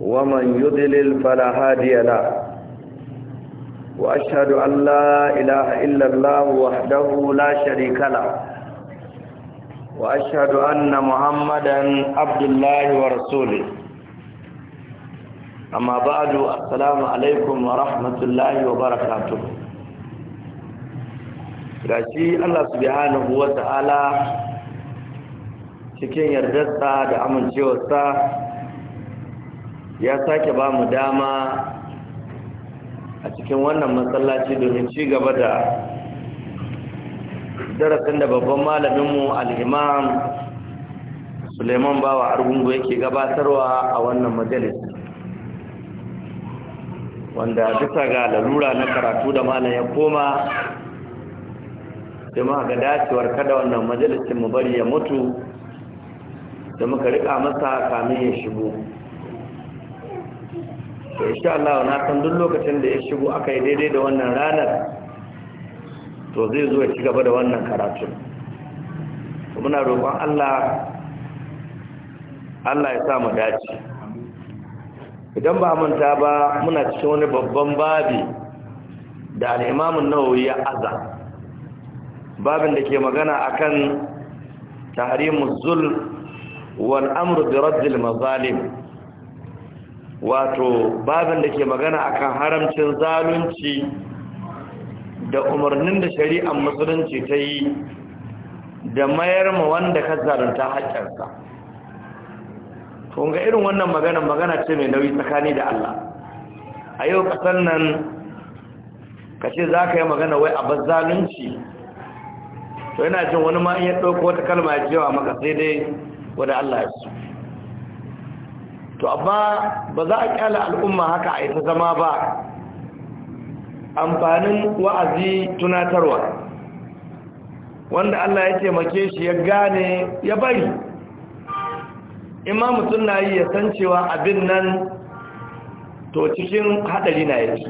ومن يضلل فلا هادي له وأشهد أن لا إله إلا الله وحده لا شريك له وأشهد أن محمدا عبد الله ورسوله أما بعد السلام عليكم ورحمة الله وبركاته gashi Allah subhanahu wa ta'ala cikin yardarsa da amincewarsa ya sake ba mu dama a cikin wannan matsalaci domin ci gaba da darasin da babban malaminmu al'imam suleiman bawa argungu yake gabatarwa a wannan majalis wanda bisa ga lalura na karatu da malam ya koma da ma ga dacewar kada wannan majalisin mu bari ya mutu da muka rika masa kamin ya shigo to insha Allah na san duk lokacin da ya shigo aka yi daidai da wannan ranar to zai zo ya ci gaba da wannan karatu muna roƙon Allah Allah ya sa mu dace idan ba manta ba muna cikin wani babban babi da an nawawi ya aza babin da ke magana akan tahrimu zulm wal amru bi raddil mazalim wato babin da ke magana akan haramcin zalunci da umarnin da shari'ar musulunci ta yi da mayar ma wanda ka zalunta haƙƙarsa tunga irin wannan magana magana ce mai nauyi tsakani da Allah a yau ƙasar nan ka ce za ka yi magana wai a zalunci to yana jin wani ma ya ɗauko wata kalma ya cewa maka sai dai wadda Allah ya su to amma ba za a kyala al'umma haka a ita zama ba amfanin wa'azi tunatarwa wanda Allah ya taimake shi ya gane ya bari imamu suna yi ya san cewa abin nan to cikin haɗari na yake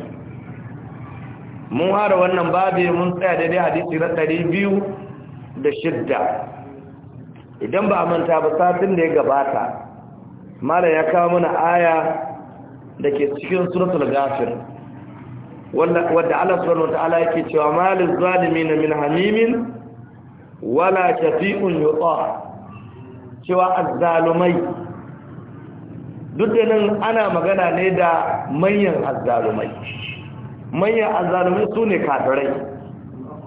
mun hara wannan babi mun tsaya daidai hadisi na ɗari biyu da shidda idan ba a manta ba satin da ya gabata mala ya kawo mana aya da ke cikin suratul ghafir wadda Allah subhanahu wataala yake cewa malil zalimin min hamimin wala shafi'un yuta cewa azzalumai duk da nan ana magana ne da manyan azzalumai manyan azzalumai su ne kafirai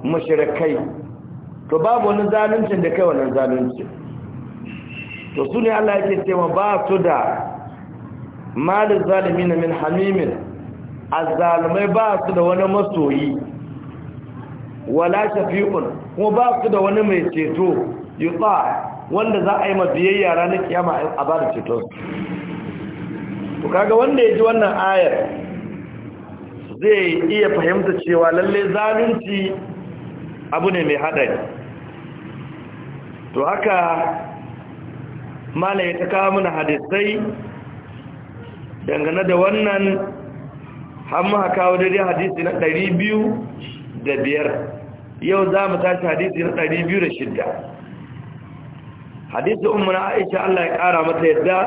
mashirikai to babu wani zaluncin da kai wannan zaluncin to su ne Allah yake cewa ba su da malin zalimi na min hamimin azzalumai ba su da wani masoyi wala shafi'un kuma ba su da wani mai ceto yutsa wanda za a yi ma biyayya ranar kiyama a ba da ceton to kaga wanda ya ji wannan ayar zai iya fahimta cewa lalle zalunci abu ne mai haɗari to haka mala ya ta kawo mana hadisai dangane da wannan hamma kawo daidai hadisi na ɗari biyu da biyar yau za mu tashi hadisi na ɗari biyu da shidda hadisi umarna aisha Allah ya ƙara mata yadda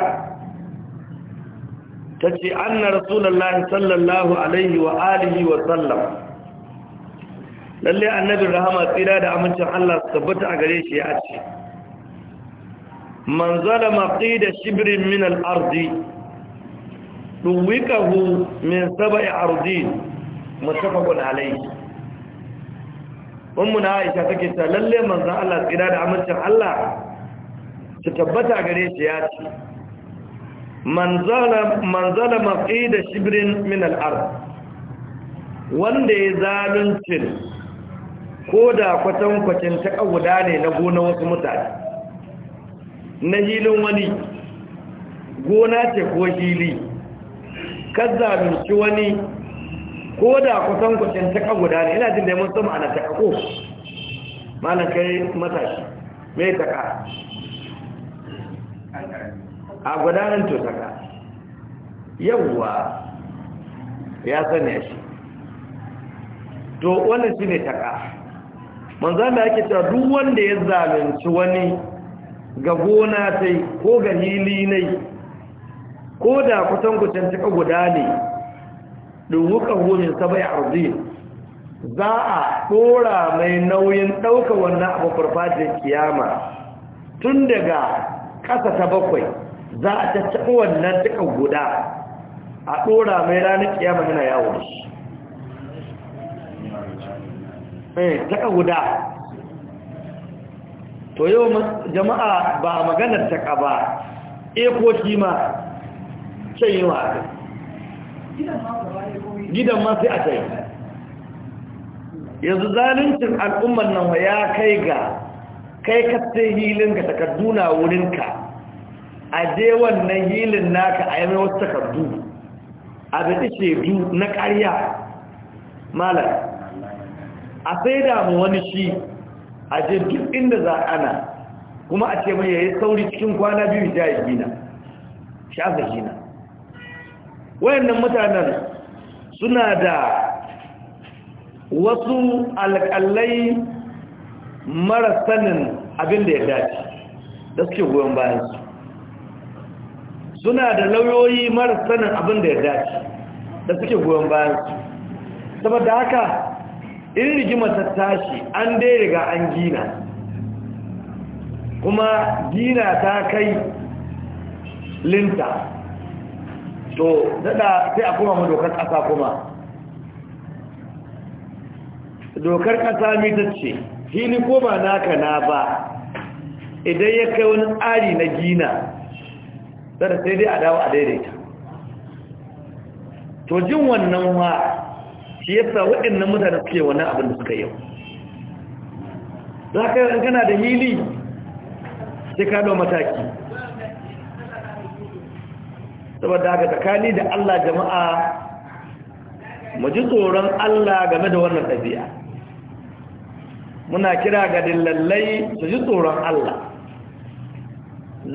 ta ce an na rasulallah sallallahu alaihi wa alihi wa sallam lalle annabin rahama tsira da amincin Allah su tabbata a gare shi ya ce man zalama qida shibrin min al-ardi duwikahu min sab'i ardin mutafaqun alayhi ummu na aisha take ta lalle manzo Allah tsira da amincin Allah ta tabbata gare shi ya ce man zalama man zalama qida shibrin min al-ard wanda ya zaluncin ko da kwatankwacin ta kawuda ne na gona wasu mutane na hilin wani gona ce ko hili kan zalunci wani ko da kusan kusan taka guda ne ina jin da mun sama ana taka ko malam kai matashi mai taka a gudanar to taka yawwa ya sani shi to wannan shi ne taka manzana da ake cewa duk wanda ya zalunci wani ga gona ta ko ga hili ne ko da kutankucin cika guda ne ɗunwuka homin sabai arzi za a ɗora mai nauyin ɗauka wannan abu farfajin kiyama tun daga ƙasa ta bakwai za a tattaɓa wannan cika guda a ɗora mai ranar kiyama yana yawon shi. Eh, taka guda to yau jama'a ba maganar taka ba e shi ma ce yi wa aka gidan ma sai a ce yanzu zaluncin al'ummar nan ya kai ga kai kasai hilin ga takarduna wurinka a je wannan hilin naka a yi wasu takardu a ishe shaidu na ƙarya malar a sai damu wani shi a je duk inda za ana kuma a ce mai yayi sauri cikin kwana biyu da ya gina shafa gina wayannan mutanen suna da wasu alƙalai mara sanin abin da ya dace da suke goyon bayan su, suna da lauyoyi mara sanin abin da ya dace da suke goyon bayan su, saboda haka in rigima ta tashi an dai riga an gina kuma gina ta kai linta to daɗa sai a kuma dokar ƙasa kuma dokar ƙasa mita ce fili ko ba naka na ba idan ya kai wani tsari na gina zara sai dai a dawo a daidaita to jin wannan wa shi yasa waɗannan mutane suke wani abin da suka yau za ka yi kana da hili sai ka mataki saboda haka tsakani da Allah jama'a mu ji tsoron Allah game da wannan ɗabi'a muna kira ga dillallai su ji tsoron Allah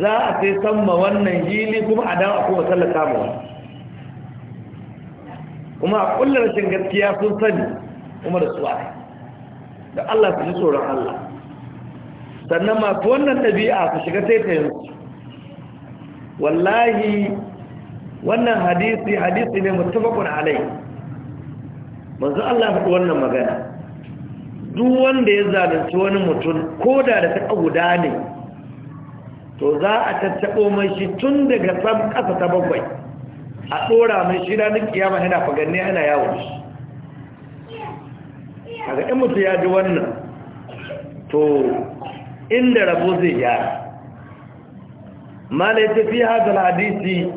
za a sai samma wannan hili kuma a dawo a kuma tallata mu kuma a kulle rashin gaskiya sun sani kuma da su ai da Allah su ji tsoron Allah sannan masu wannan ɗabi'a su shiga yanzu. wallahi wannan hadisi hadisi ne mutafakun alai manzo Allah faɗi wannan magana duk wanda ya zalunci wani mutum ko da da ta guda ne to za a tattaɓo mai shi tun daga sam ƙasa ta bakwai a ɗora mai shi ranar kiyama yana faganne yana yawon shi a ga mutu ya ji wannan to inda rabo zai yara mana ya tafi hadisi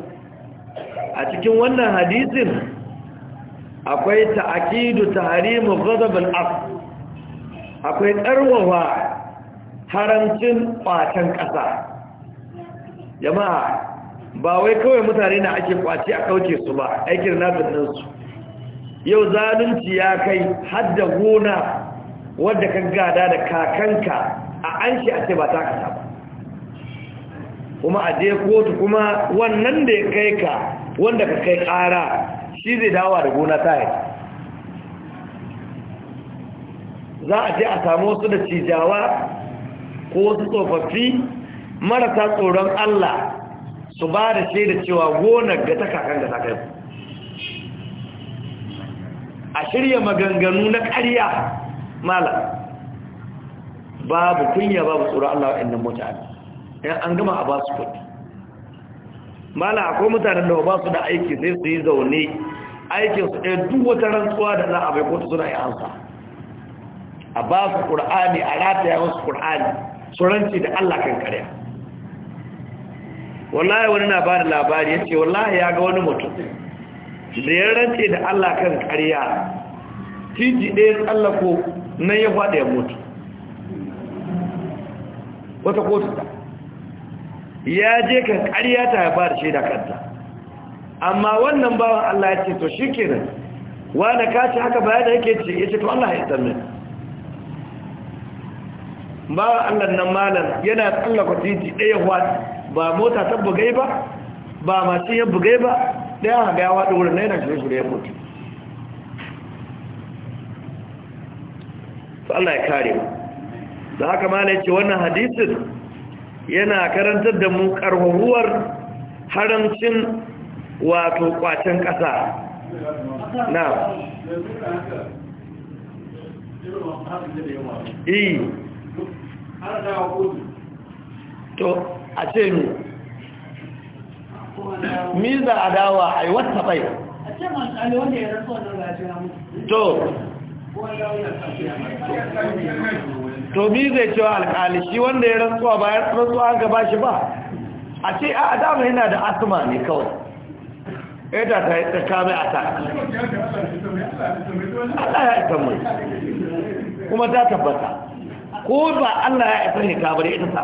a cikin wannan hadisin akwai ta'akidu Harimu ghadabul af akwai ɗarwawa haramcin kwatan ƙasa jama'a ba wai kawai mutane na ake kwace a kauce su ba aikin nafin su. yau zalunci ya kai hadda gona wadda ka gada da kakanka a an shi a ce ba ta kasa ba kuma a je kotu kuma wannan da ya kai ka wanda ka kai ƙara shi zai dawa da gona ta yi za a je a samu wasu da cijawa ko wasu tsofaffi marasa tsoron Allah su ba da sai da cewa gonar ga ta kakan da ta kai a shirya maganganu na ƙarya mala babu kunya babu tsoron Allah wa'annan mutane yan an gama a ba su kudi mala akwai mutanen da ba su da aiki sai su yi zaune aikin su ɗaya duk wata rantsuwa da za a bai kotu suna yi ansa a ba su ƙur'ani a rataya wasu ƙur'ani su ranci da Allah kan karya wallahi wani na bani labari ya ce wallahi ya ga wani mutum da ya rance da Allah kan karya tiji ɗaya tsallako na ya faɗa ya mutu wata kotu ta ya je kan karya ta ya bada shaida kanta amma wannan bawan Allah ya ce to shi kenan wanda ka ce haka bayan da yake ce ya ce to Allah ya tsalle bawan Allah nan malam yana tsallaka titi ɗaya faɗa ba mota ta bugai ba ba masu yin bugai ba ɗaya ga yawa ɗora na yana shirin shirya mutu su Allah ya kare mu da haka ma ce wannan hadisun yana karantar da mu ƙarfahuwar harancin wato kwacen ƙasa na iya eh. to a ce mi mi za a dawa a yi wata bai to to mi zai cewa alkali shi wanda ya rantsuwa bayan rantsuwa an gaba shi ba a ce a adama yana da asima ne kawai yadda ta yi tsakami a ta Allah ya ita mai kuma ta tabbata ko ba Allah ya isa ne ta bari ita ta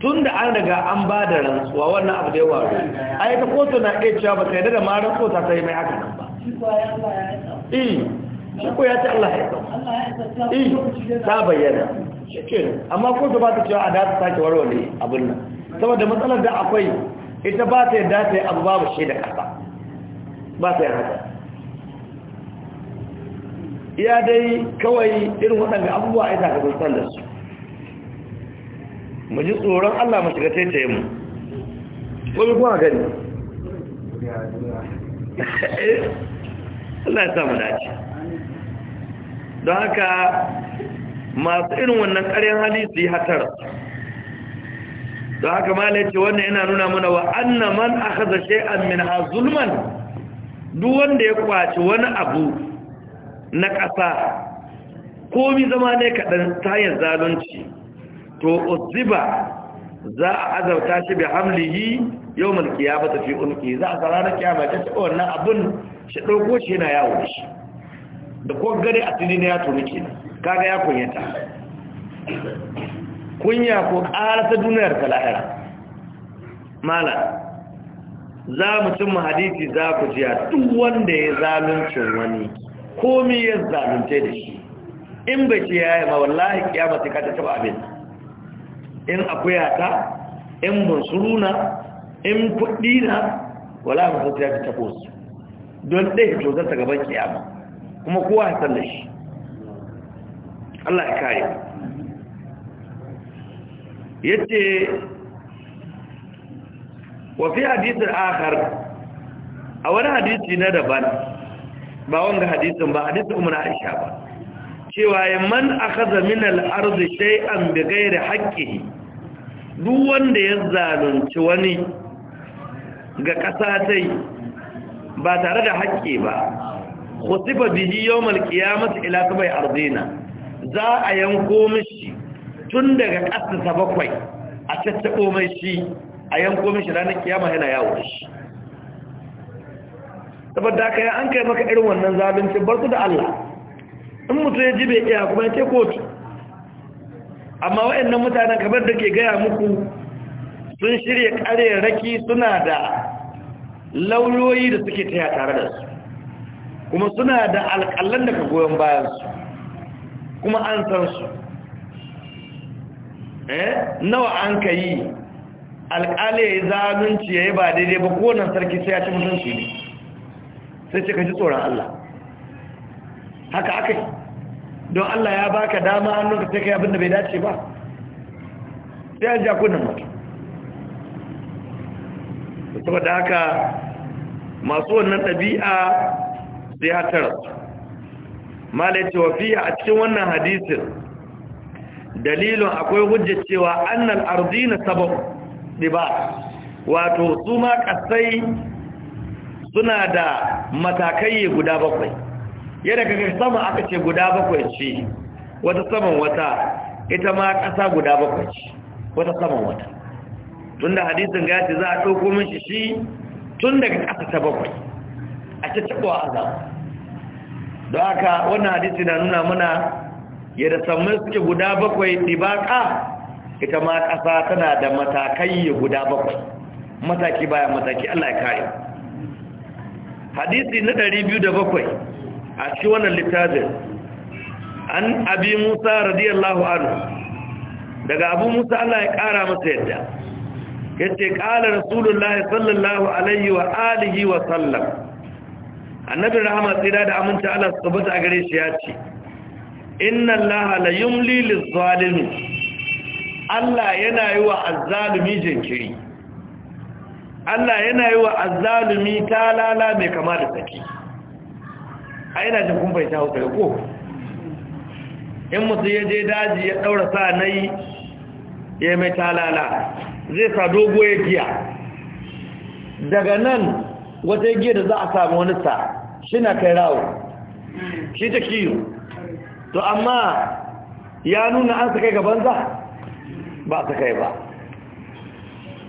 tun da an daga an ba da rantsuwa wannan abu da ya waru a yi ta kotu na ɗaya cewa ba ta yi da marar kota ta yi mai haka nan ba shi ko eh, ya ce Allah ya kawo iya eh, ta bayyana shi amma kotu ba ta cewa a da ta ke warware abin nan saboda matsalar da akwai ita ba ta yadda ta yi abu babu shi da ƙasa ba ta yi haka iya dai kawai irin waɗanda abubuwa ita ka sun san da su mu ji tsoron Allah mu shiga taitaye mu wani kuma gani Allah ya samu dace don haka masu irin wannan ƙaryan hali su yi hatar don haka malai ce wannan yana nuna mana wa annaman man aka zashe min zulman duk wanda ya kwaci wani abu na ƙasa komi zama ne kaɗan tayar zalunci to uziba za a azauta shi bi hamlihi yau mulki ya bata fi unki za a tsara na kiyama ta ce wannan abun shi ɗauko shi yana yawo da shi da ko gare a tuni ya tuni ke kaga ya kunyata kunya ko ƙara ta duniyar ta lahira mala za mu cin mu hadisi za ku jiya duk wanda ya zaluncin wani komi ya zalunce da shi in bai ce ya yi ma wallahi kiyama sai ka ta taba abin in akwai ta in bunsuruna in kuɗi na wala mu ya ta tabo don dai to zata gaban kiyama kuma kowa ya san da shi Allah ya kare ce wa fi hadith akhar a wani hadisi na daban ba wanda hadisun ba kuma umar Aisha ba cewa man akhadha min shai an bigai da haƙƙi duk wanda ya zalunci wani ga ƙasa tai ba tare da haƙƙi ba yau malki ya masu ilata bai ardina za a yanko mishi tun daga ƙasa bakwai a cattaɓo mai shi a yanko mishi ranar kiyama yana yawon shi saboda aka yi, an kai maka irin wannan zalunci bar su da Allah in mutu ya ji bai kuma ya ce kotu amma wayannan mutanen kamar da ke gaya muku sun shirya kare raki suna da lauyoyi da suke taya tare da su kuma suna da alƙallan daga goyon bayansu kuma an san su eh nawa an ka yi alƙali ya yi zanunci ya yi ba daidai ba kowane sarki sai ya ci mutunci ne sai ce ka ji tsoron Allah haka aka yi don Allah ya baka dama hannunka sai kai abin da bai dace ba sai an ja kunnan saboda haka masu wannan ɗabi'a sai hatara malai ce wafiya a cikin wannan hadisin dalilin akwai hujjar cewa annal arzina sabon ɗiba wato su ma ƙasai suna da matakai guda bakwai ya daga sama aka ce guda bakwai ce wata saman wata ita ma ƙasa guda bakwai ce wata saman wata tun da hadisin ga yace za a ɗauko min shi shi tun daga ƙasa ta bakwai a ta a azam don haka wannan hadisi na nuna mana yadda samun suke guda bakwai ɗibaƙa ita ma ƙasa tana da matakai guda bakwai mataki baya mataki Allah ya kare hadisi na ɗari biyu da bakwai. a ci wannan littafin an abi musa radiyallahu anhu daga abu musa Allah ya kara masa yadda yace qala rasulullah sallallahu alaihi wa alihi wa sallam annabi rahama tsira da aminta Allah subhanahu a gare shi ya ce inna allah la yumli liz-zalimi Allah yana yi wa azzalumi jinkiri Allah yana yi wa azzalumi talala mai kama da saki a ina jin kun bai ta hausa ko in mutum ya je daji ya ɗaura sa na yi ya mai talala zai sa dogo ya giya daga nan wata giya da za a sami wani sa shi na kai rawo shi ta kiyo to amma ya nuna an kai gaban za ba ta kai ba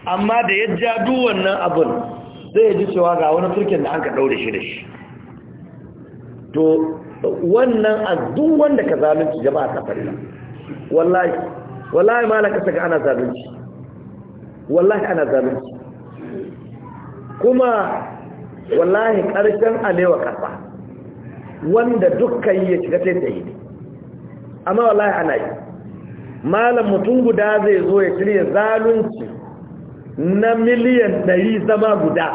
amma da ya ja duwannan abin zai ji cewa ga wani turkin da an ka ɗaure shi da shi to wannan a duk wanda ka zalunci jama'a ta farila wallahi wallahi ma laka saka ana zalunci wallahi ana zalunci kuma wallahi karshen alewa kafa wanda dukkan ya shiga sai tsaye ne amma wallahi ana yi malam mutum guda zai zo ya shirya zalunci na miliyan 100 zama guda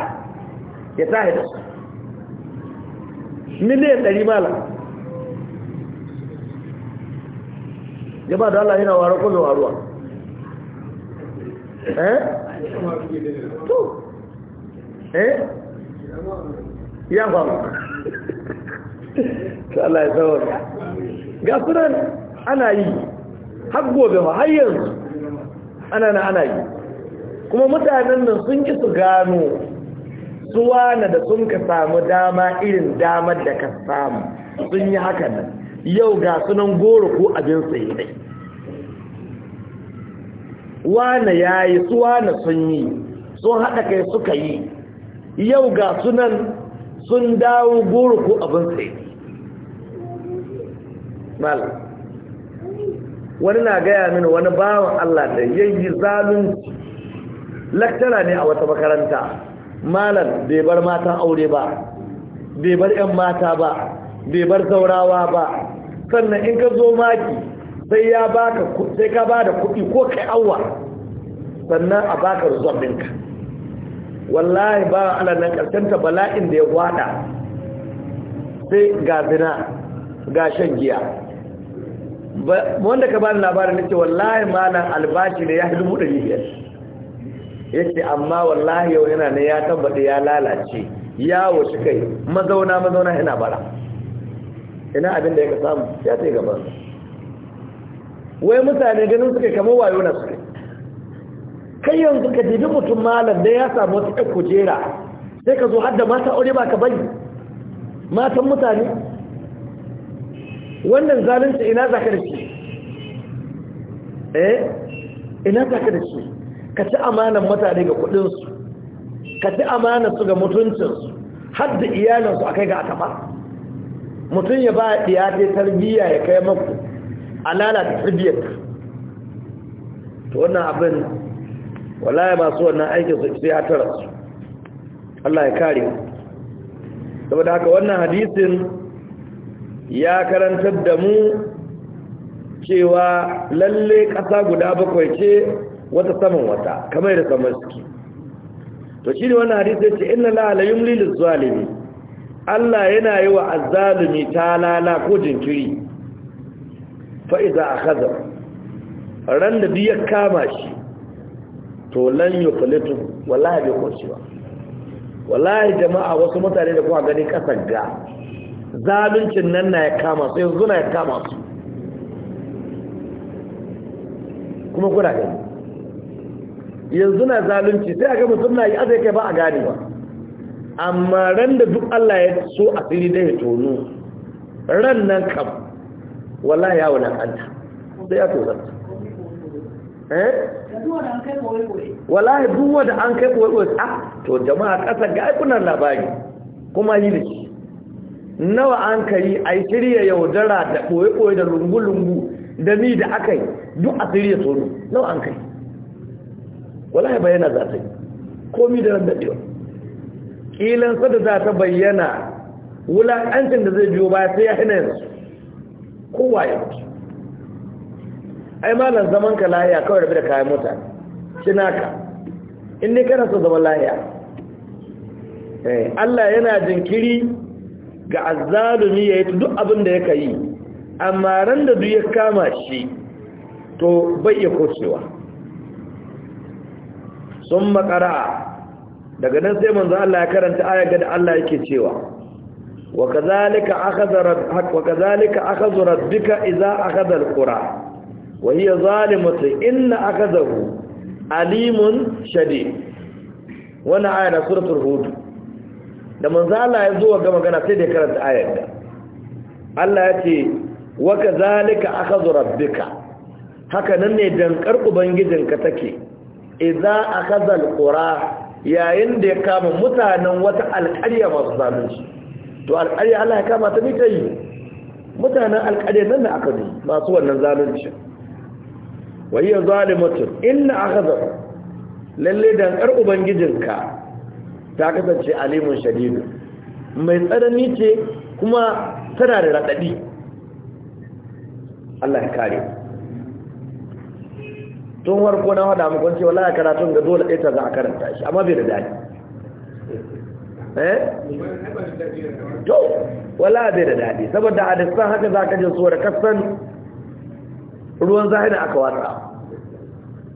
ya tahi da su miliyan ɗari mala jama'a da Allah yana ware kuma waruwa eh to eh ya fama ta Allah ya tsawon ga sunan ana yi har gobe ma har yanzu ana na ana yi kuma mutanen nan sun ki su gano suwa na da sun ka samu dama irin damar da ka samu sun yi haka nan yau ga sunan goro ko abin sai dai wane ya yi suwa na sun yi sun haɗa kai suka yi yau ga sunan sun dawo goro ko abin tsaye mal wani na gaya mini wani bawan Allah da yayi zalunci laktara ne a wata makaranta malam bai bar matan aure ba bai bar 'yan mata ba bai bar saurawa ba sannan in ka zo maki sai ya baka sai ka bada kuɗi ko kai awwa sannan a baka result ɗinka wallahi ba ala nan karshen ta bala'in da ya gwada sai ga zina ga shan giya wanda ka bani labarin nace wallahi malam albashi ne ya hidu 500 yace amma wallahi yau yana ne ya tabbata ya lalace yawo shi kai mazauna mazauna ina bara ina abin da ya samu ya ce gaba wai mutane ganin suka kama wayo na suke kai yanzu ka dibi mutum malam da ya samu wata ɗan kujera sai ka zo hadda mata aure ba ka bari matan mutane wannan zalunci ina za ka da shi eh ina za ka da shi ka ci amanan mutane ga kudinsu ka ci su ga mutuncinsu har da iyalinsu a kai ga atama mutum ya ba ya ta tarbiyya ya kai maku a lalata ta to wannan abin ya masu wannan aikin su sai ya tara su Allah ya kare saboda haka wannan hadisin ya karantar da mu cewa lalle ƙasa guda bakwai ce wata saman wata kamar da kamar suke to shi ne wannan hadisi ce inna la la yumli lil zalimi Allah yana yi wa azzalimi talala ko jinkiri fa idza akhadha ran da biya kama shi to lan yuflitu wallahi bai kurci ba wallahi jama'a wasu mutane da kuma gani kasar ga zaluncin nan na ya kama su yanzu na ya kama su kuma kuna gani yanzu na zalunci sai a ga mutum na yi azai kai ba a gane ba amma ran da duk Allah ya so a fili da ya tono ran nan kam wala ya kanta sai ya tozarta eh wallahi duk wanda an kai koyoyi ah to jama'a kasa ga aikunan labari kuma yi da shi nawa an kai ai shirya yaudara da koyoyi da lungu-lungu da ni da akai duk a ya tono nawa an kai wallahi bayyana za ta yi komi da randadewa kilan sada za ta bayyana wulaƙancin da zai biyo ba sai ya hina yanzu kowa ya mutu ai malam zaman ka lahiya kawai rabu da kayan mutane shi naka in ne kana so zaman lahiya eh, Allah yana jinkiri ga azalumi ya yi duk abin da ya ka yi amma ran da duk ya kama shi to bai iya kocewa sun makara daga nan sai manzo Allah ya karanta ayar da Allah yake cewa wa kazalika akhadha rabbuk wa kazalika akhadha rabbuka idza akhadha alqura wa hiya zalimatun inna akhadahu alimun shadid wannan ayar da suratul hud da manzo Allah ya zo ga magana sai da karanta ayar da Allah ya ce wa kazalika akhadha rabbuka haka nan ne dankar ubangijinka take idza akhadha alqura yayin da ya kama mutanen wata alƙarya masu zalunci to alƙarya Allah ya kama ta mita yi mutanen alƙarya nan da aka yi masu wannan zalunci wa hiya zalimatun inna akhadha lalle dankar ubangijinka ta kasance alimun shadidu mai tsanani ce kuma tana da raɗaɗi Allah ya kare tun warko na hada muku cewa la karatun ga dole ɗaya ta za a karanta shi amma bai da daɗi eh to wala bai da daɗi saboda a dukkan haka za ka ji da kasan ruwan zahiri aka wata.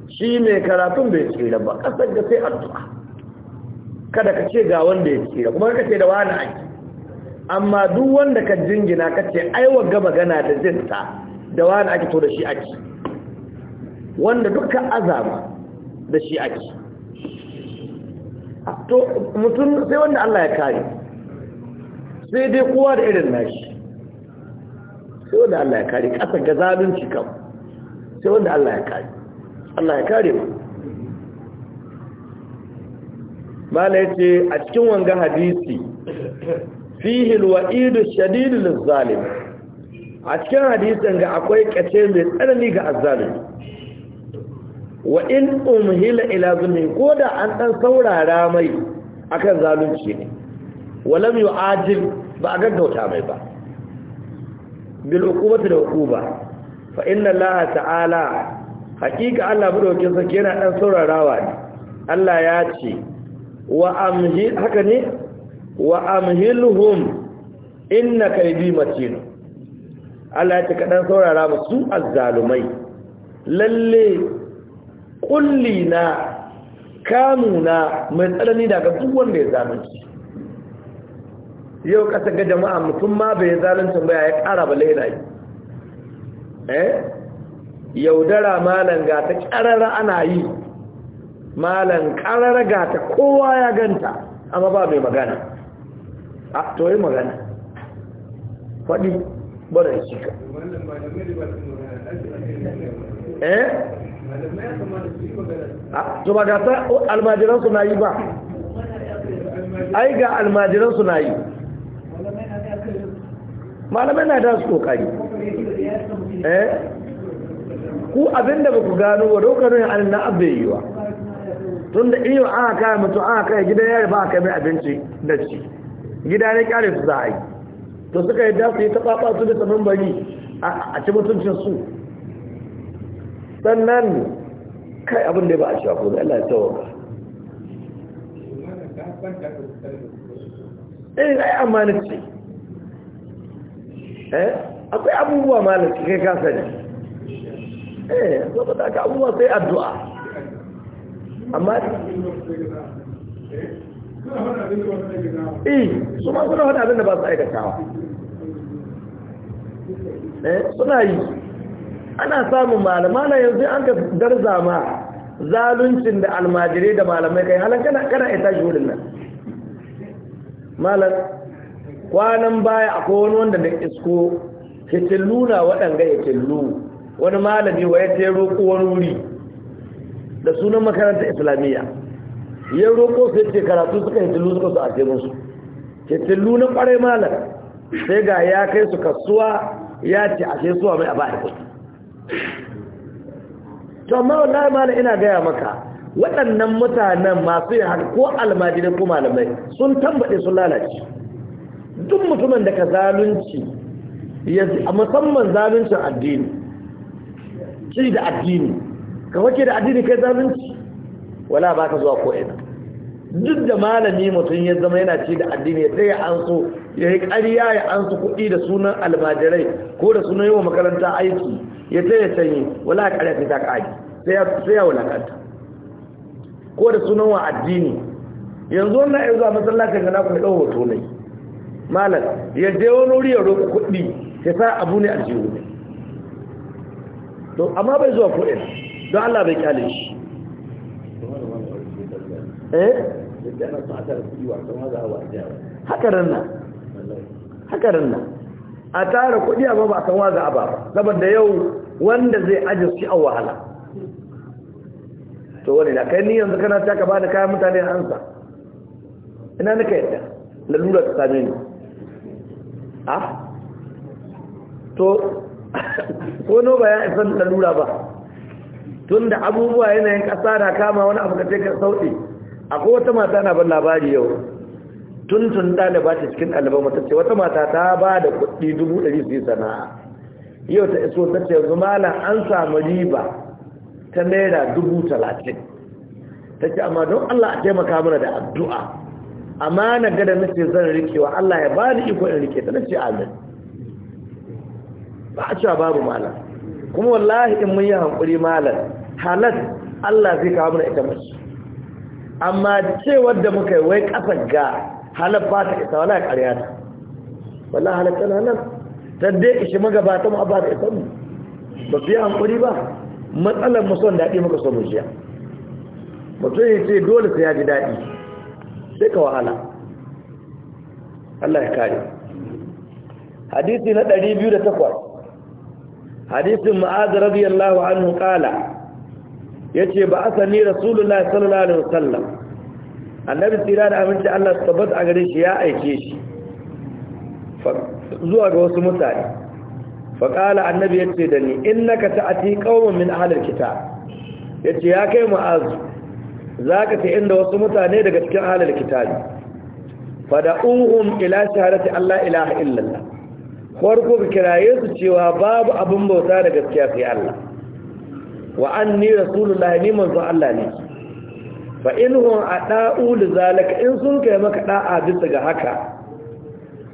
shi mai karatun bai da ba kasan da sai addu'a kada ka ce ga wanda ya da kuma ka ce da wani aiki amma duk wanda ka jingina ka ce aiwa ga magana da jinta da wani ake to da shi ake wanda duka azama da shi ake to mutum sai wanda Allah ya kare sai dai kowa da irin nashi sai wanda Allah ya kare kasa ga zalunci kam sai wanda Allah ya kare Allah ya kare mu mala yace a cikin wanga hadisi fihi alwa'idu shadidu zalim a cikin hadisin ga akwai kace mai tsanani ga azzalimi wa in umhila ila zulmi ko da an dan saurara mai akan zalunci ne lam yu'ajil ba a gaggauta mai ba bil uqubati da uquba fa inna allah ta'ala hakika Allah budaukin sa kenan dan saurarawa ne Allah ya ce wa amhi haka ne wa amhilhum innaka bi matin Allah ya ce ka dan saurara musu azzalumai lalle kulli na kamuna mai tsanani daga duk wanda ya zalunci yau kasa ga jama'a mutum ma bai zalunci ba ya kara ba laina yi eh yaudara malan ga ta karara ana yi malan karara ga ta kowa ya ganta amma ba mai magana a ah, to yi magana faɗi da shi ka eh Ah, to ba ga ta almajiran su na yi ba ai ga almajiran su na yi malamai na da su kokari eh ku abinda ba ku gano wa dokarin an na abayewa tun da iyo an aka mutu an aka gidan yari ba aka mai abinci da ci gida ne kyale su za a yi to suka yi su yi ta su da saman bari a ci mutuncin su sannan kai abin da ba a shafu da Allah ya tsawaka eh ai amana ce eh akwai abubuwa malaki kai ka sani eh saboda ka abubuwa sai addu'a amma eh su ma suna hada abin da ba su aikatawa eh suna yi ana samun malama na yanzu an ka darza ma zaluncin da almajirai da malamai kai halan kana kana ita shi wurin nan malam kwanan baya akwai wani wanda da isko hitillu na waɗanga hitillu wani malami wa ya ce roƙo wani wuri da sunan makaranta islamiyya ya roƙo sai ce karatu suka hitillu suka su a ce musu hitillu na ƙwarai malam sai ga ya kai su kasuwa ya ce ashe suwa mai a ba a kusa. to amma wallahi malam ina gaya maka waɗannan mutanen masu yi ko almajirin ko malamai sun tambaɗe sun lalace duk mutumin da ka zalunci a musamman zaluncin addini ci da addini ka wake da addini kai zalunci wala ba ka zuwa ko'ina duk da malami mutum ya zama yana ci da addini ya tsaye an so ya yi ƙariya ya an su kuɗi da sunan almajirai ko da sunan yi wa makaranta aiki ya ce ya canye wala ƙarya ta ƙaƙi sai ya wulakanta ko da sunan wa addini yanzu wanda ya zuwa masallacin gana kuma ɗau hoto ne malam ya je wani wuri ya roƙi kuɗi ya sa abu ne a jiwu ne to amma bai zuwa ko kuɗin don allah bai kyale shi eh na a tara kudi a ba ba san waza ba saboda yau wanda zai aje shi a wahala to wani na kai ni yanzu kana ta ka bada kayan mutane ansa ina nika yadda lalura ta same ni a to ko no ba ya isan lalura ba tun da abubuwa yanayin kasa na kama wani abu ka ce ka sauɗi akwai wata mata na ban labari yau tun tun ɗaliba ce cikin ɗaliban wata ce wata mata ta ba da kuɗi dubu ɗari su yi sana'a yau ta iso ta ce yanzu malam an samu riba ta naira dubu talatin ta ce amma don Allah a taimaka mana da addu'a amma na gada na ce zan rikewa Allah ya ba ni iko in rike ta na ce amin ba a cewa babu malam kuma wallahi in mun yi hankuri malam halar Allah zai kawo mana ita mace amma cewar da muka yi wai ƙasa ga halar ba ta isa wala ƙarya ta wallahi halar tana nan dan dai ishi magabata mu ba da ikon ba su yi hankuri ba matsalar son daɗi muka so mu jiya mutum ya ce dole sai ya ji daɗi sai ka wahala Allah ya kare hadisi na 208 hadisin ma'az radiyallahu anhu ya yace ba asani rasulullahi sallallahu alaihi wasallam annabi tsira da aminci Allah tabbata a gare shi ya aike shi zuwa ga wasu mutane faƙala annabi ya ce da ni in naka ta'ati ƙaunar min ahalar kita ya ce ya kai ma'azu za ka ta inda wasu mutane daga cikin ahalar kitabi fada'uhum ila shahadati Allah ilaha illallah farko ka kiraye su cewa babu abin bauta da gaskiya sai Allah wa anni rasulullahi ni manzo Allah ne fa inhum ada'u li zalika in sun kai maka da'a bisa ga haka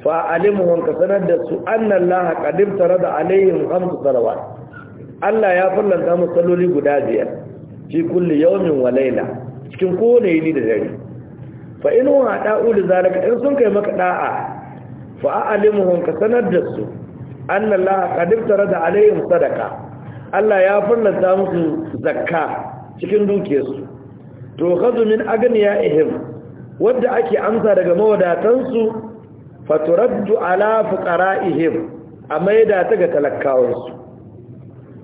fa'alimuhun ka sanar da su annan laha ƙadim tare da alayhim hamsu salawa Allah ya fallanta matsaloli guda biyar fi kulli yawmin wa laila cikin kowane yini da dare fa in wa da'u da zalika in sun kai maka da'a fa a'limuhum ka sanar da su anna Allah qadim tare da alaihim sadaka Allah ya fallanta musu zakka cikin dukiyarsu to khadhu min agniya'ihim wanda ake amsa daga mawadatansu faturaddu ala fuqara'ihim a maida ta ga talakkawansu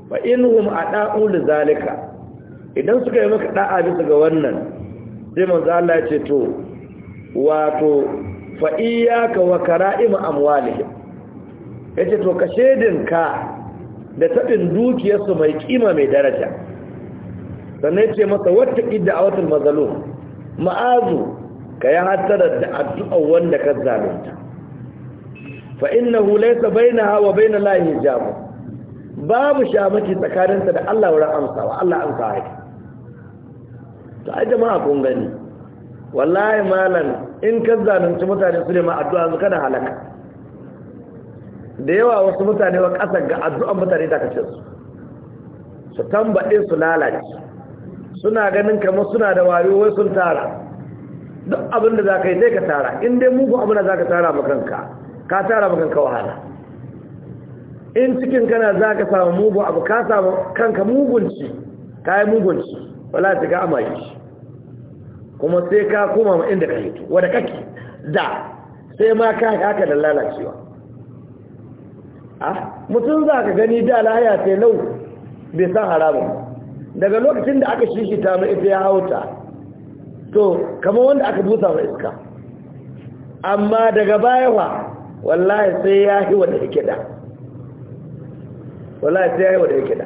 fa a ada'u zalika. idan suka yi maka ɗa'a bisa ga wannan zai manzo Allah ce to wato fa'iya iyyaka wa kara'im amwalihim yace to ka da taɓin dukiyarsu mai ƙima mai daraja sannan ce masa wata a watan mazlum ma'azu ka yi hattarar da addu'an wanda ka zalunta fa innahu laysa bainaha wa bain Allah hijab babu shamaki tsakaninta da Allah wurin amsawa Allah amsa yake to ai jama'a kun gani wallahi malam in ka zalunci mutane su ne ma addu'a su kana halaka da yawa wasu mutane wa kasar ga addu'an mutane ta kace su su tambaɗe su lalace suna ganin kamar suna da wayo wai sun tara duk abin da za ka yi sai ka tara in dai mugu abin da za ka tara makanka ka tara baka ka wahala in cikin kana za ka samu mugu abu ka samu kanka mugunci ka yi mugunci wala ta ga amaye kuma sai ka koma ma inda ka to wadda kake da sai ma ka haka da lalacewa mutum za ka gani da lahaya sai lau bai san haramun daga lokacin da aka shishita mai ita ya hauta to kamar wanda aka busa mai iska amma daga baya wa wallahi sai ya yi wanda yake da wallahi sai ya yi wanda yake da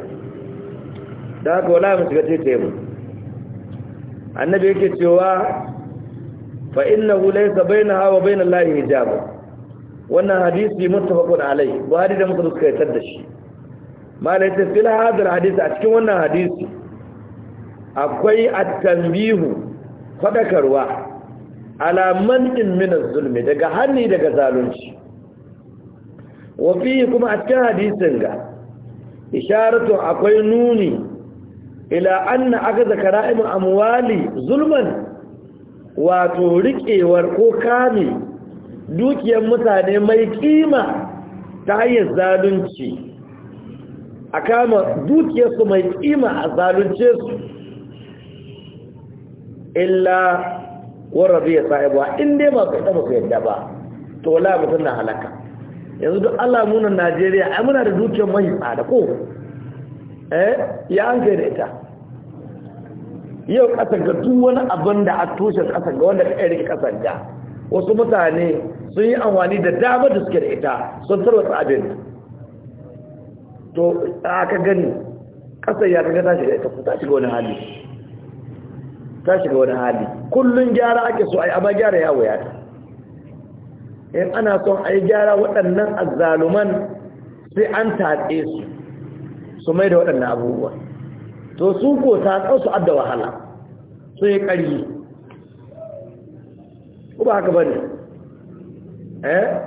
da haka wallahi mu shiga tete mu annabi yake cewa fa innahu laysa bainaha wa Allah hijab wannan hadisi muttafaqun alai buhari da muslim suka yarda da shi malai ta fil hadal hadisi a cikin wannan hadisi akwai at-tanbihu fadakarwa alaman man min zulmi daga hanni daga zalunci wafi kuma a cikin hadisin ga isharatu akwai nuni ila anna aka zakara imin amwali zulman wato riƙewar ko kame dukiyar mutane mai kima ta hanyar zalunci a kama dukiyarsu mai kima a zalunce su illa warrabe ya sa'ibuwa inda masu ɗaba su yadda ba to la mutum na halaka yanzu duk Allah munan Najeriya ai muna da dukiyar mai tsada ko eh ya an kai da ita yau kasar ga duk wani abin da a tushe kasar ga wanda ka rike kasar ga wasu mutane sun yi amfani da dama da suke da ita sun tarwa tsabin to aka gani kasar ya kaga ta shiga ita ko tashi ga wani hali tashi ga wani hali kullun gyara ake so ai amma gyara ya wayata in ana son a yi gyara waɗannan azzaluman sai an tatse su su mai da waɗannan abubuwa to su ko ta su adda wahala su yi ƙari ku ba haka bane eh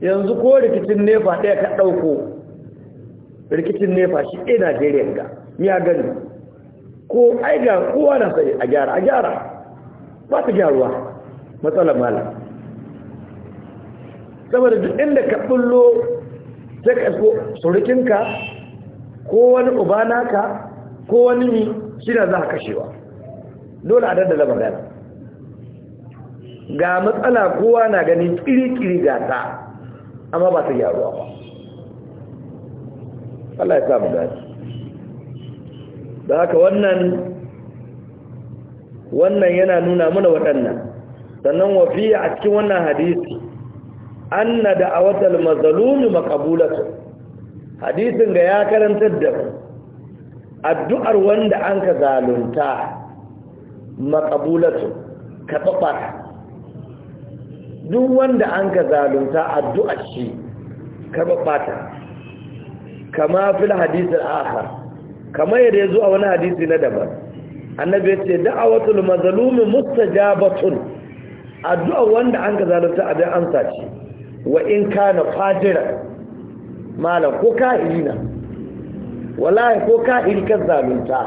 yanzu ko rikicin nefa ɗaya ka ɗauko rikicin nefa shi ɗaya najeriya ga ya gani ko aiga kowa na sai a gyara a gyara ba ta gyaruwa matsalar malam saboda duk inda ka bullo sai ka surukinka ko wani ubana ka ko wani mi shi za a kashewa dole a daddala magana ga matsala kowa na gani kirikiri ga ta amma ba ta gyaruwa ba Allah ya samu gani da haka wannan wannan yana nuna mana waɗannan sannan wafiya a cikin wannan hadisi anna da'awatal mazlum maqbulatu hadisin ga ya karantar da mu addu'ar wanda an ka zalunta maqbulatu kababar duk wanda an ka zalunta addu'ar shi kababata kama fil hadisi akhar kama yadda yazo a wani hadisi na daban annabi ya ce da'awatul mazlum mustajabatu addu'ar wanda an ka zalunta abin amsa shi. wa in kana fadira malam ko ka'iri na wallahi ko ka'iri kan zalunta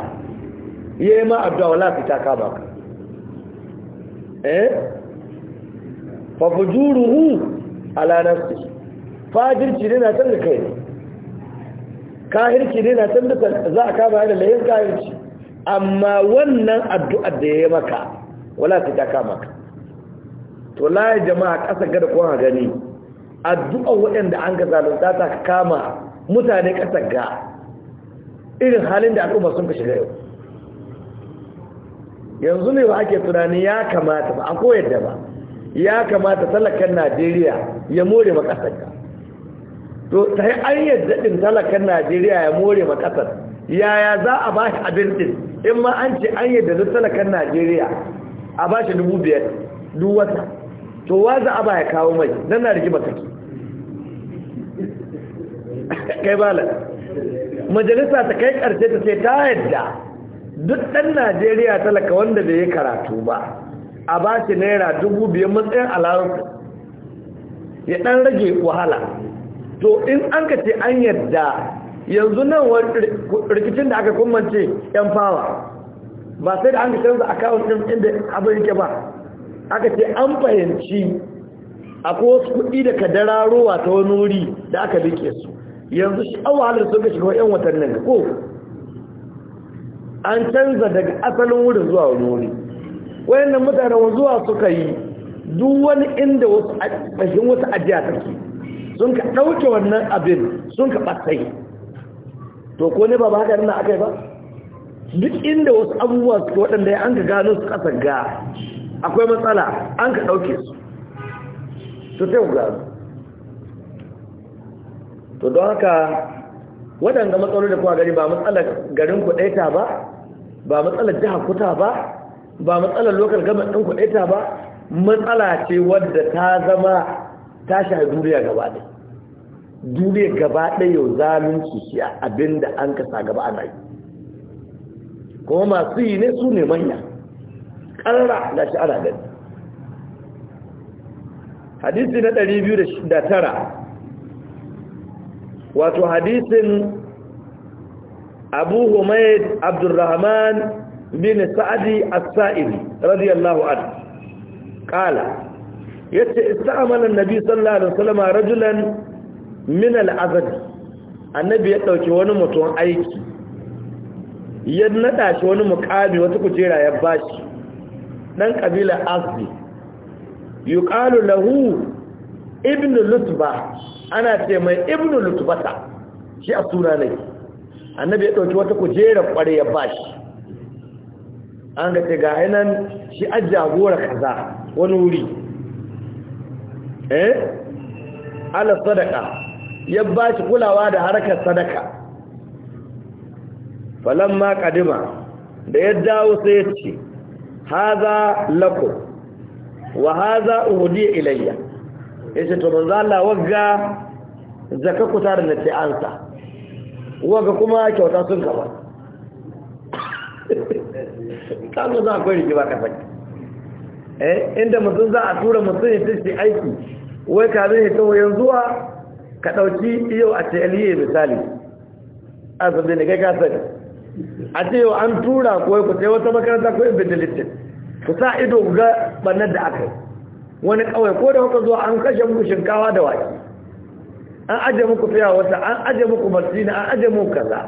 yayi ma addu'a wallahi fita ka ba eh fa fujuruhu ala nafsi fajirci ne na san da kai ne kahirci ne na san da za a kama da layin kahirci amma wannan addu'ar da ya maka wala fita ka maka to la jama'a kasa gada kuma gani addu'an waɗanda an ga zalunta ta kama mutane ƙasar ga irin halin da al'umma sun ka shiga yau yanzu ne ba ake tunani ya kamata ba a koyar da ba ya kamata talakan najeriya ya more makasar ka to ta yi an yadda ɗin talakan najeriya ya more makasar yaya za a ba shi abin ɗin in ma an ce an yadda duk talakan najeriya a ba shi dubu biyar duk wata to wa za a ba ya kawo mai nan na rigima take kai bala majalisa ta kai karshe ta ce ta yadda duk ɗan najeriya talaka wanda bai yi karatu ba a ba shi naira dubu biyan matsayin alawarsa ya ɗan rage wahala to in an ka ce an yadda yanzu nan rikicin da aka kummance yan fawa ba sai da an ka canza akawun ɗin inda abin yake ba aka ce an fahimci akwai wasu kuɗi da ka dararowa ta wani wuri da aka rike su yanzu halar sun gashi shiga 'yan watannin ko an canza daga asalin wurin zuwa wani wuri wayannan wa zuwa suka yi duk wani inda bashin ƙashin wasu ajiya take sun ka ɗauke wannan abin sun ka ɓasai to ko ne ba ba haka yana aka yi ba duk inda wasu abubuwa suka waɗanda ya an ka gano su ƙasa ga akwai matsala an ka ɗauke su su sai ku gano to don haka waɗanda matsalolin da kuma gari ba matsalar garin ɗaita ba ba matsalar jihar kuta ba ba matsalar lokal gaban ɗin ɗaita ba matsala ce wadda ta zama ta shahi duniya gaba ɗaya duniya gaba ɗaya yau zalunci shi abinda an kasa gaba a rai kuma masu yi ne su ne manya ƙarara da shi ana gani hadisi na 209 wato hadisin abu humaid abdurrahman bin sa'adi as saili radiyallahu anhu kala yace ista'mala annabi sallallahu alaihi wasallam rajulan min al-azad annabi ya dauki wani mutum aiki ya nada shi wani mukami wata kujera ya bashi dan kabila azdi yuqalu lahu ibnu Lutba. ana ce mai ibnu lutubata shi a suna ne annabi ya ɗauki wata kujerar ƙware ya bashi an ga ce ga hainan shi a jagora kaza wani wuri eh ala sadaka ya bashi kulawa da harkar sadaka falamma kadima da ya dawo sai ya ce haza lako wa haza uhudi ilayya yace to manzo Allah wagga zakka ku tare da ta'ansa wagga kuma kyauta sun gaba ba kaga za ku rige ba eh inda mutum za a tura mutum ya tashi aiki wai ka zai ta wayan zuwa ka dauki yau a ce aliye misali azabi ne kai ka sani a ce yau an tura ko ku sai wata makaranta ko ibn littin ku sa ido ga bannan da aka yi wani kawai ko da kuka zo an kashe muku shinkawa da waki an aje muku fiya wata an aje muku masina an aje muku kaza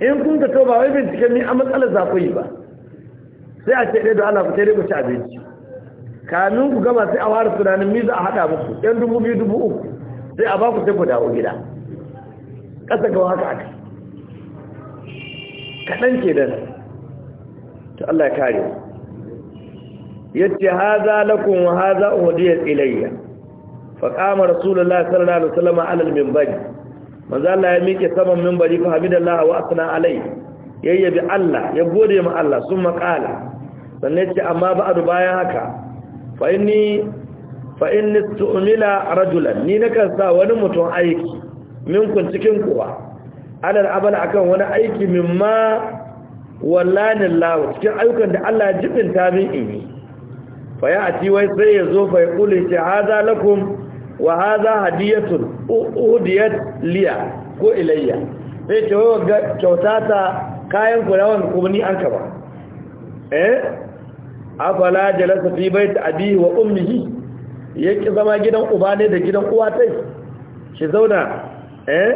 in kun ka to ba wai binciken ni a matsalar za ku yi ba sai a ce dai da ana fita dai ku ci abinci kanun ku gama sai a ware tunanin mi za a haɗa muku ɗan dubu biyu dubu uku sai a ba ku sai ku dawo gida ƙasa ga haka aka kaɗan ke da to Allah ya kare mu yace haza lakum wa haza uhdiya ilayya fa qama rasulullahi sallallahu alaihi wasallam ala al-minbar manzo Allah ya miƙe saman minbari fa hamidallahi wa asna alai yayyabi Allah ya gode ma Allah summa qala sannan yace amma ba'du bayan haka fa inni fa inni tu'mila rajulan ni nakan sa wani mutum aiki minkun cikin kuwa alal abal akan wani aiki mimma wallahi cikin ayyukan da Allah jibinta min in yi fa ya ati wai sai ya zo fa ya kule ce hada lakum wa haza hadiyatun udiyat liya ko ilayya sai to ga kyautata kayan kulawan kuma ni an ka ba eh afala jalasa fi bait abihi wa ummihi yake zama gidan uba ne da gidan uwa tai shi zauna eh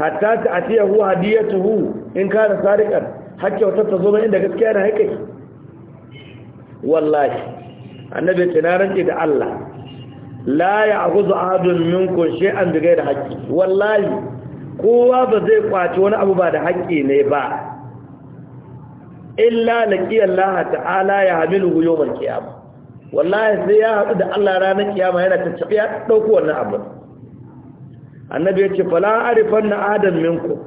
hatta ta atiyahu hadiyatuhu in kana sadiqan har ta zo inda gaskiya na haƙiƙa wallahi annabi ce na rance da Allah la ya'khudhu ahadun minkum shay'an bi da haqqi wallahi kowa ba zai kwaci wani abu ba da haƙƙi ne ba illa laqiya Allah ta'ala ya hamilu yawmal qiyamah wallahi sai ya haɗu da Allah ranar kiyama yana tattabi ya ɗauko wannan abu annabi ya ce fala arifan na adam minku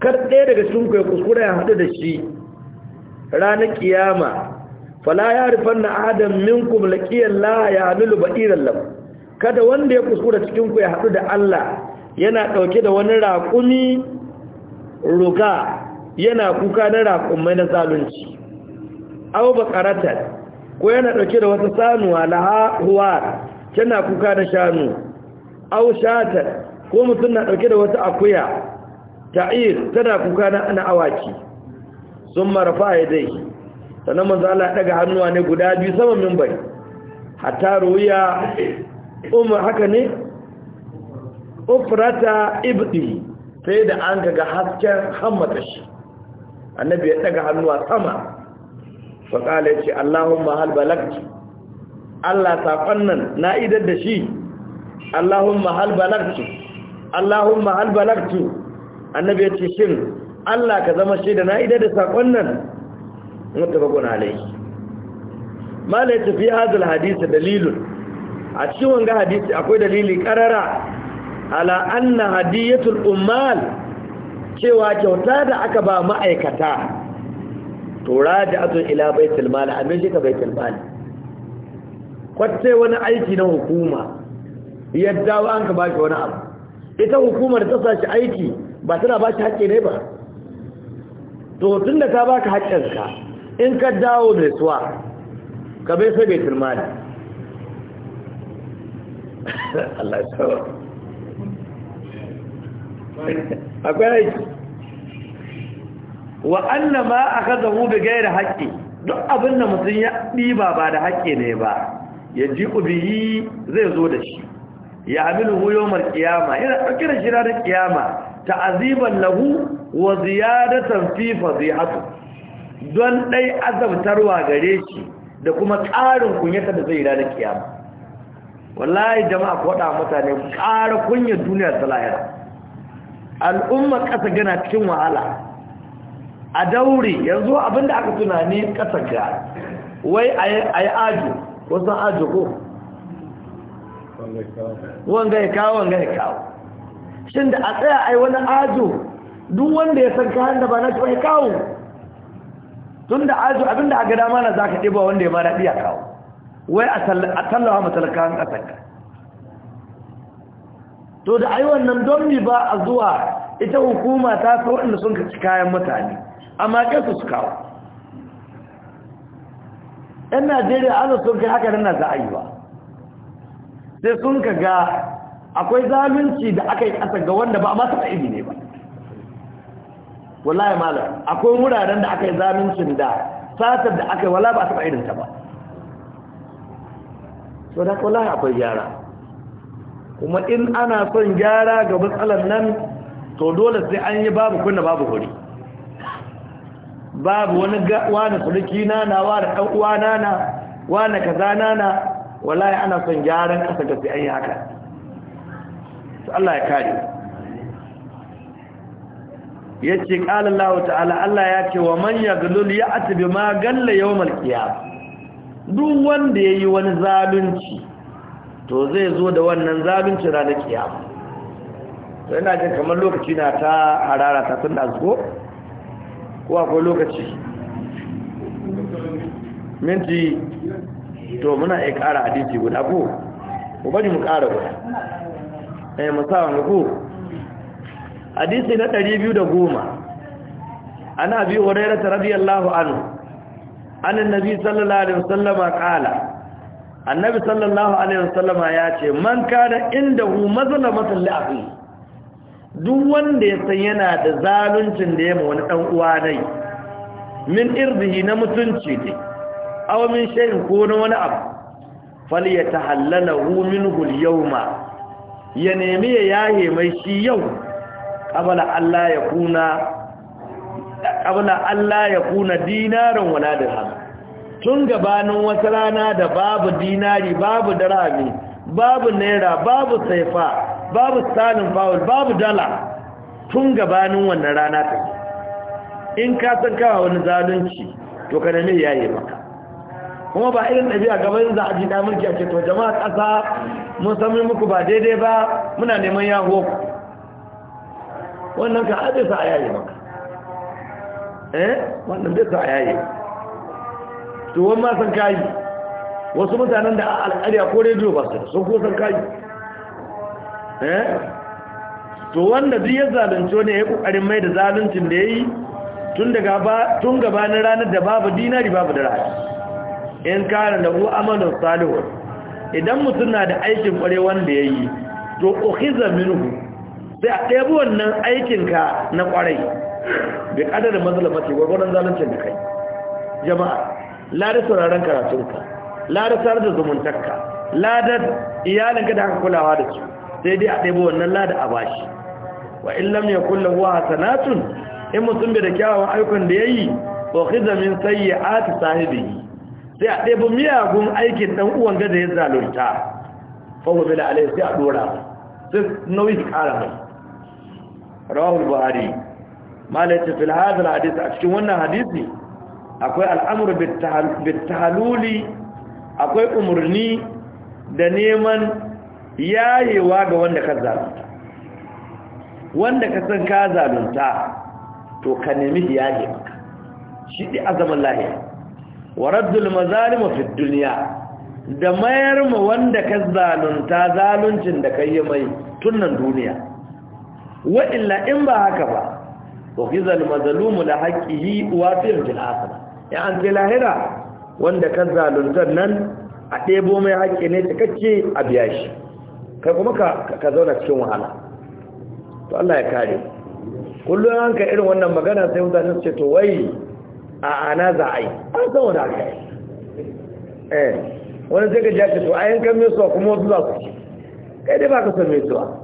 kar ɗaya daga cikin ku ya kuskura ya haɗu da shi ranar kiyama fala ya rufan na adam minkum laƙiyar la ya hamilu ba'iran lam kada wanda ya kuskura cikinku ya hadu da Allah yana dauke da wani raƙumi ruga yana kuka na raƙumai na zalunci aw baƙaratar ko yana dauke da wata sanuwa huwa tana kuka na shanu aw shata ko mutum na dauke da wata akuya ta'ir tana kuka na awaki sun marfa ya dai sannan manzo Allah ya daga hannuwa ne guda biyu sama minbari hatta ruya umar haka ne ufrata ibdi sai da an kaga hasken hammata shi annabi ya daga hannuwa sama fa kala yace Allahumma hal balagti Allah sakon nan na idar da shi Allahumma hal balagti Allahumma hal balagti annabi ya ce shin Allah ka zama da na idar da sakon nan muttafaqun alayhi ya tafi hadal hadisi dalilun a cikin wanga hadisi akwai dalili karara ala anna hadiyatul ummal cewa kyauta da aka ba ma'aikata to raja'atun ila baitul mal amin shi ka baitul mal kwatte wani aiki na hukuma yadda an ka baki wani abu ita hukumar ta sashi aiki ba tana bashi haƙƙi ne ba to da ta baka haƙƙinka in ka dawo da suwa ka bai sai baitul mali Allah ya tsara akwai aiki wa anna ma akadahu bi ghairi haƙƙi duk abin da mutum ya ɗiba ba da haƙƙi ne ba ya ji ubiyi zai zo da shi ya amilu yawmal ƙiyama yana ɗauke da shi ƙiyama ta ta'aziban lahu wa ziyadatan zai fadihatu don ɗai azabtarwa gare shi da kuma ƙarin kunyata da zai rana kiyama wallahi jama'a ku waɗa mutane ƙara kunyar duniya ta lahira al'umma ƙasa gana cikin wahala a daure yanzu abin da aka tunani ƙasa ga wai a yi ajo wasu ajo ko wanga ya kawo wanga ya kawo shin da a tsaya a yi wani ajo duk wanda ya san kayan da ba na shi ya kawo Tunda da azu abinda a ga dama na za ka ɗiba wanda ya ma daɗi a kawo wai a tallawa ƙasar ƙasarka to da ayi wannan don mi ba a zuwa ita hukuma ta so inda sun kaci kayan mutane amma ƙasa su kawo ‘yan najeriya ana sun kai haka nan za a yi ba sai sun ka ga akwai zalunci da aka yi ƙasa ga wanda ba a masu ne ba wallahi malam akwai wuraren da aka yi zamincin da satar da aka yi wala ba su taɓa irinta ba so da wallahi akwai gyara kuma in ana son gyara ga matsalan nan to dole sai an yi babu kunna babu hori babu wani wani sulki nana wani ɗan uwa nana wani kaza nana wallahi ana son gyaran ƙasa ga sai an yi haka Allah ya kare yace qala Allahu ta'ala Allah ya ce wa man yaghlul ya'ti bima galla yawmal qiyam duk wanda yayi wani zalunci to zai zo da wannan zalunci ranar kiyama to ina ji kamar lokaci na ta harara ta tun da zuko ko akwai lokaci minti to muna iya ƙara hadisi guda ko ko bari mu ƙara guda eh musawan ko hadisi na 210 ana abi hurairah radiyallahu anhu an annabi sallallahu alaihi wasallam qala annabi sallallahu alaihi wasallam ya ce man kana indahu mazlamatan li akhi duk wanda ya san yana da zaluncin da ya ma wani dan uwa nai min irdihi na mutunci ne aw min shay'in ko na wani abu falyatahallalahu minhu al-yawma ya nemi ya yahe mai shi yau qabla Allah ya kuna qabla Allah ya kuna dinarin wala dirham tun gabanin wata rana da babu dinari babu dirhami babu naira babu saifa babu salin bawul babu dala tun gabanin wannan rana ta in ka san kawa wani zalunci to ka nemi yayi maka kuma ba irin ɗabi'a gaban za a ji da mulki a ce to jama'a ƙasa mun san muku ba daidai ba muna neman yahuwa wannan ka aje sa yayi maka eh wannan bai sa yayi to wani ma san kayi wasu mutanen da alƙarya ko rediyo ba su sun ko san kayi eh to wanda duk ya zalunci ne ya kokarin mai da zaluncin da yayi tun daga ba tun gabanin ranar da babu dinari babu dirham in kana da ku amanu salihu idan mutuna na da aikin kware wanda yayi to ukhiza minhu sai a ɗebi wannan aikinka na ƙwarai bai ƙadar mace gwargwadon zalunci da kai jama'a lada sauraron karatunka lada sarar da zumuntarka lada iyalinka da aka kulawa da su sai dai a ɗebi wannan lada a bashi wa illam ya kulla wa hasanatun in mutum bai da kyawawan aikin da ya yi wa khizamin sayyi'ati sahibihi sai a ɗebi miyagun aikin ɗan uwan gada ya zalunta fa wa bila sai a dora sai nauyi ƙara mai rawahul buhari malai fil hadal hadisi a cikin wannan hadisi akwai al'amur bitaluli akwai umarni da neman yayewa ga wanda ka zalunta wanda ka san ka zalunta to ka nemi yaye maka shi ɗi azaman lahiya wa raddul mazalima fi duniya da mayar ma wanda ka zalunta zaluncin da ka yi mai tunan duniya wa illa in ba haka ba wa khizal mazlumu la haqqihi wa fil akhirah ya an ce lahira wanda kan zaluntar nan a ɗebo mai haƙƙi ne cikakke a biya shi kai kuma ka zauna cikin wahala to Allah ya kare kullum an ka irin wannan magana sai mutane su ce to wai a ana za a yi an san wani haka eh wani sai ka ji ake to a yankan mesuwa kuma wasu za su ci kai dai ba ka san mesuwa